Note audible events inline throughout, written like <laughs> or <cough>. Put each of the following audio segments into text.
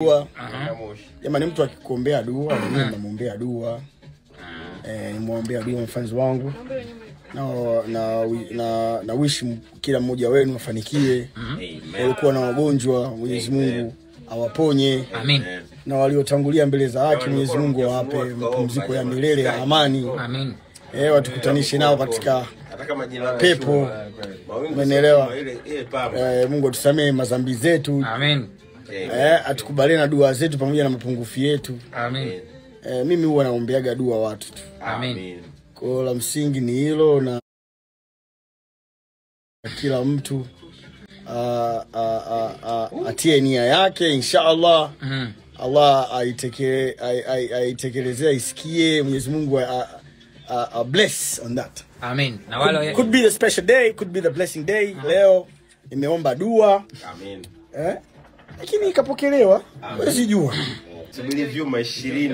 dua jamani, mtu akikuombea dua, mimi namwombea dua eh, nimwombea dua mfanzi wangu na, na, na, na wish kila mmoja wenu afanikie walikuwa na wagonjwa, Mwenyezi Mungu awaponye Amen. na waliotangulia mbele za haki Mwenyezi Mungu awape mapumziko ya milele ya amani Amen. E, watukutanishe nao katika pepo, umeelewa? E, Mungu atusamehe madhambi zetu eh, atukubali na dua zetu pamoja na mapungufu yetu Amen. Eh, mimi huwa naombeaga dua watu tu Amen. Kwa la msingi ni hilo na kila mtu a, ah, a, ah, a, ah, a, atie nia yake inshallah. mm. Allah aitekelezee isikie Mwenyezi Mungu a a, a bless on that. Amen. Na wale could, could be the special day, could be the blessing day. Mhm. Leo nimeomba dua. Amen. Eh? lakini ikapokelewa, mwezi jua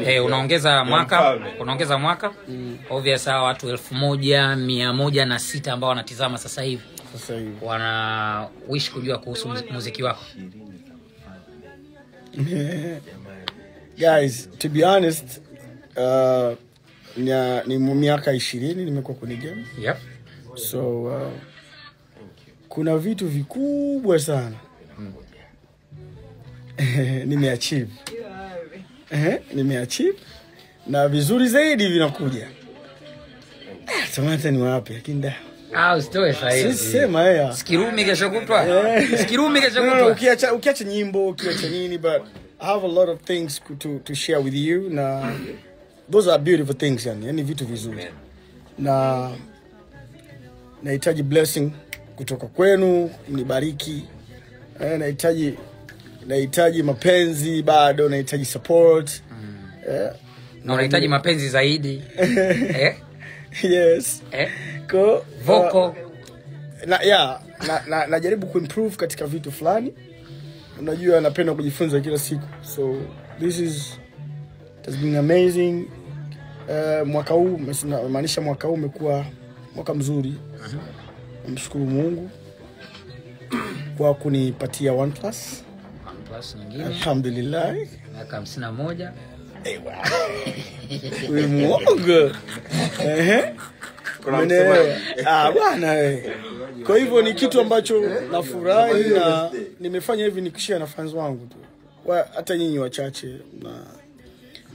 hey, unaongeza mwaka unaongeza mwaka mm. obvious hawa watu elfu moja mia moja na sita ambao wanatizama sasa hivi wana wish kujua kuhusu muziki wako <laughs> guys to be honest uh, nya, ni miaka ishirini nimekuwa kwenye game yep. so uh, kuna vitu vikubwa sana mm <laughs> nimeachieve eh, nimeachieve na vizuri zaidi vinakuja. Tamata ah, ni wapi lakini da au ah, sitoe sahihi. Sisema haya. Eh, Sikirumi kesho kutwa. Eh. Sikirumi kesho kutwa. ukiacha ukiacha nyimbo, ukiacha nini but I have a lot of things to to share with you na those are beautiful things yani, yani vitu vizuri. Na nahitaji blessing kutoka kwenu, mnibariki. Eh, nahitaji nahitaji mapenzi bado nahitaji support mm. yeah. na unahitaji mapenzi zaidi <laughs> eh? yes eh? Ko, Voko. Uh, na, yeah, na, na, najaribu kuimprove katika vitu fulani unajua napenda kujifunza kila siku so this is it has been amazing uh, mwaka huu maanisha mwaka huu umekuwa mwaka mzuri mhm. namshukuru uh -huh. mungu kwa kunipatia one plus nafasi nyingine. Alhamdulillah. Miaka hamsini na moja. Wewe muongo. Ah, bwana wewe. Kwa hivyo ni kitu ambacho nafurahi na nimefanya hivi nikishia na fans wangu tu. Wa, Hata nyinyi wachache na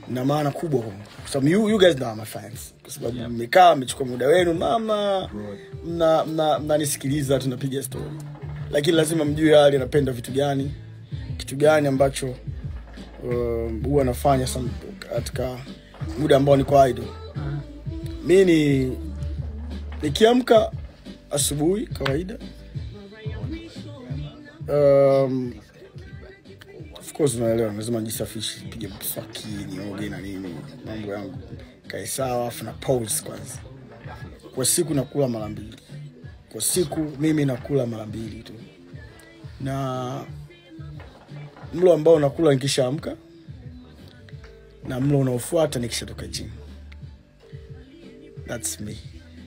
na maana kubwa kwa sababu you, you guys know my fans kwa sababu yeah. mmekaa mmechukua muda wenu mama mnanisikiliza mna, mna, mna tunapiga story lakini lazima mjue hali anapenda vitu gani kitu gani ambacho um, huwa uh, nafanya katika muda ambao niko idol mi ni nikiamka asubuhi kawaida um, of course unaelewa lazima nijisafishe pige mswaki nioge na nini mambo yangu kae sawa afu na kwanza kwa siku nakula mara mbili kwa siku mimi nakula mara mbili tu na mlo ambao nakula nikishaamka na mlo unaofuata nikishatoka chini That's me.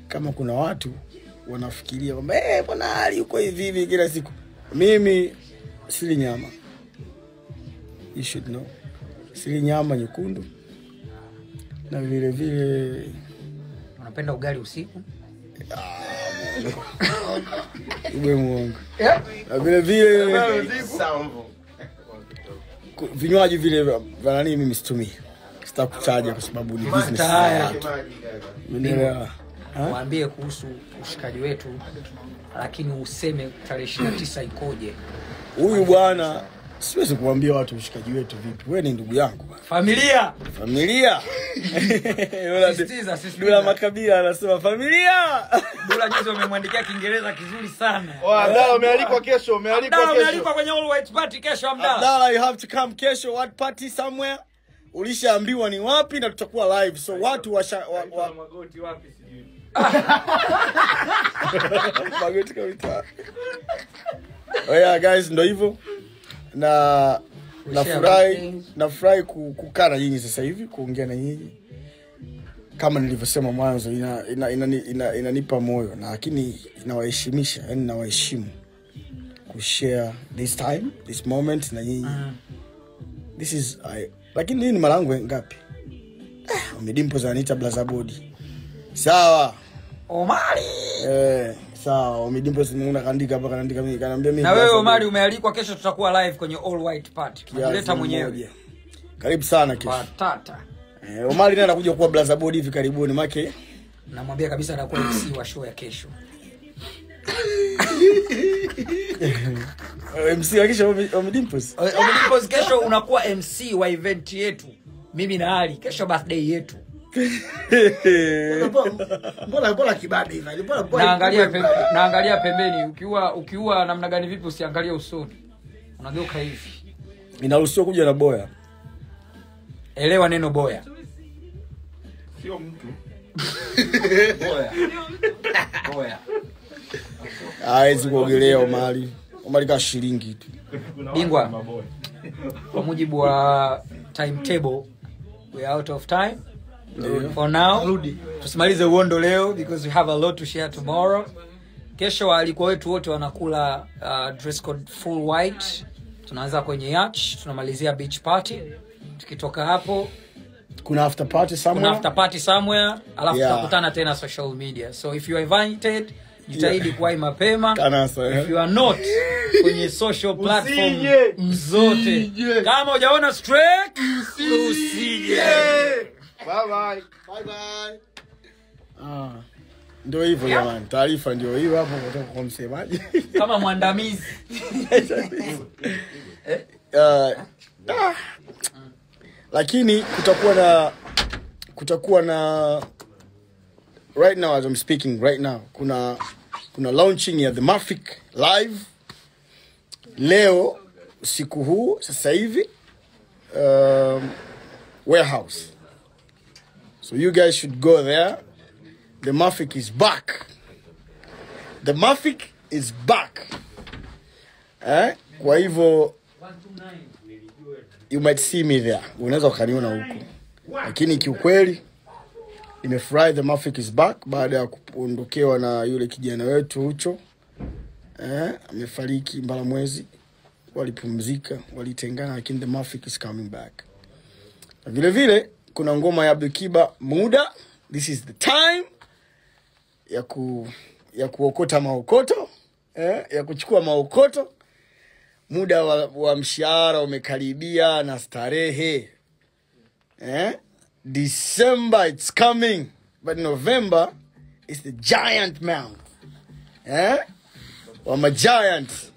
Kama kuna watu wanafikiria kwamba hey, eh, bwana hali uko hivi hivi kila siku, mimi sili nyama. You should know, sili nyama nyekundu na vile vile. Unapenda ugali usiku? Ah, Uwe <laughs> mwongo. Eh? Na vile vile vinywaji vile vya nani mimi situmii sitakutaja kwa sababu ni business ya watu kuhusu ushikaji wetu lakini useme tarehe 29 ikoje huyu bwana siwezi kuambia watu ushikaji wetu vipi. Wewe ni ndugu yangu bana, familia familia. Dula, <laughs> sisitiza, sisitiza. Dula Makabila anasema familia. Dula juzi umemwandikia Kiingereza kizuri sana. Oh, Abdalla umealikwa kesho, umealikwa kesho. Umealikwa kwenye all white party kesho Abdalla. Abdalla you have to come kesho what party somewhere. Ulishaambiwa ni wapi na tutakuwa live. So watu washa wa, wa... magoti wapi sijui. <laughs> Magoti kabisa. Oh yeah guys, ndo hivyo na nafurahi nafurahi kukaa na nyinyi sasa hivi kuongea na nyinyi kama nilivyosema mwanzo inanipa ina, ina, ina, ina, ina moyo lakini inawaheshimisha yani nawaheshimu kushare this time this moment na nyinyi uh-huh. this is I, lakini hii ni marangu ngapi eh, umedimpo zanita blazabodi sawa omari eh sawa, umejimpa simu kaandika hapa kaandika mimi kanaambia mimi. Na wewe Omari umealikwa, kesho tutakuwa live kwenye all white party. Unajileta mwenyewe. Karibu sana kesho. Patata. Eh, Omari naye anakuja kuwa blaza board hivi karibuni make. Namwambia kabisa atakuwa MC wa show ya kesho. <laughs> Eh, MC wa kesho Omidimpos. Eh, Omidimpos kesho unakuwa MC wa event yetu. Mimi na Ali kesho birthday yetu. <laughs> naangalia pembeni, ukiua ukiwa namna gani vipi usiangalia usoni unageuka hivi inaruhusiwa kuja na boya elewa neno boya sio mtu <laughs> kuogelea Omari. Omari kaa shilingi tu. Bingwa, kwa mujibu wa timetable we are out of time for now tusimalize uondo leo because we have a lot to share tomorrow kesho alikuwa wetu wote wanakula uh, dress code full white tunaanza kwenye yach tunamalizia beach party tukitoka hapo kuna after party somewhere, kuna after party somewhere alafu yeah. tutakutana tena social media so if you are invited jitahidi yeah. kuwai mapema Kanasa, yeah. if you are not kwenye social platform mzote kama ujaona strike usije, usije ndo hivo Bye jamani, taarifa ndio hiyo hapo kutoka kwa msemaji kama mwandamizi <laughs> eh? ah, ah. Lakini kutakuwa na kutakuwa na right now as I'm speaking right now kuna kuna launching ya The Mafic live leo usiku huu sasa hivi um, warehouse So you guys should go there. The Mafic is back. The Mafic is back. Eh? Kwa hivyo you might see me there, unaweza ukaniona huko, lakini kiukweli nimefurahi the Mafic is back baada ya kuondokewa na yule kijana wetu Ucho eh, amefariki mwezi. walipumzika, walitengana, lakini the Mafic is coming back. Vile vile kuna ngoma ya Abdukiba muda, this is the time ya ku ya kuokota maokoto eh, ya kuchukua maokoto. Muda wa, wa mshahara umekaribia na starehe eh? December it's coming but November is the giant month eh? wa ma giants